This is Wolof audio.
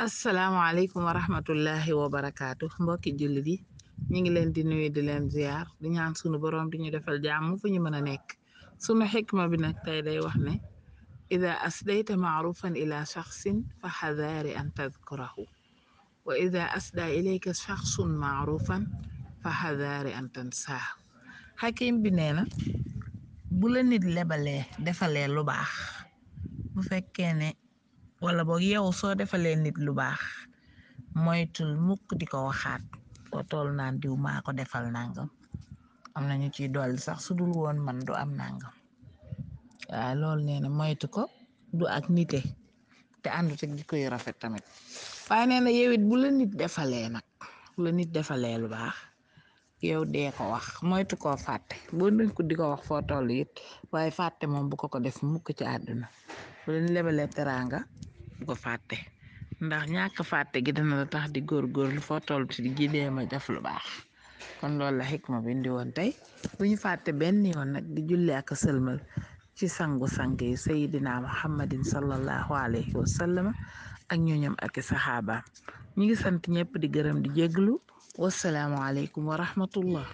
asalaamaaleykum wa rahmatullahi wa barakaatu mbokki jullit yi ñu ngi leen di nuyu di leen ziar di ñaan sunu boroom di ñu defal jàmm fu ñu mën a nekk sunu xikma bi nag tey day wax ne ida asdayta maarufan ila shaxsin fa xadaari an tadkurahu wa ida asda ilayka shaxsun maarufan fa xadaari an tansaahu xakim bi nee na bu la nit lebalee defalee lu baax bu fekkee wala boog yow soo defalee nit lu baax moytul mukk di ko waxaat foo tool naan diw maa ko defal nangam am na ñu ciy sax su dul woon man du am nangam waaw loolu nee na moytu ko du ak nite te àndut ak jikko yu rafet tamit waaye nee na yow it bu nit defalee nag bu nit defalee lu baax yow dee ko wax moytu koo fàtte boo nuñ ko di ko wax foo toll it waaye fàtte moom bu ko ko def mukk ci àdduna bu la lebalee teraanga bu ko ndax ñàkk fàtte gi dana la tax di góorgóorlu foo toll ci di jéema def lu baax kon loolu la xikma bi woon tey bu ñu fàtte benn yoon nag di julli ak sëlmal ci sangu sang yi sayidina muhammadin sallallahu alayhi wa sallam ak ñooñam ak i saxaabaam ñi ngi sant ñëpp di gërëm di jéglu wasalaamualeykum wa rahmatullah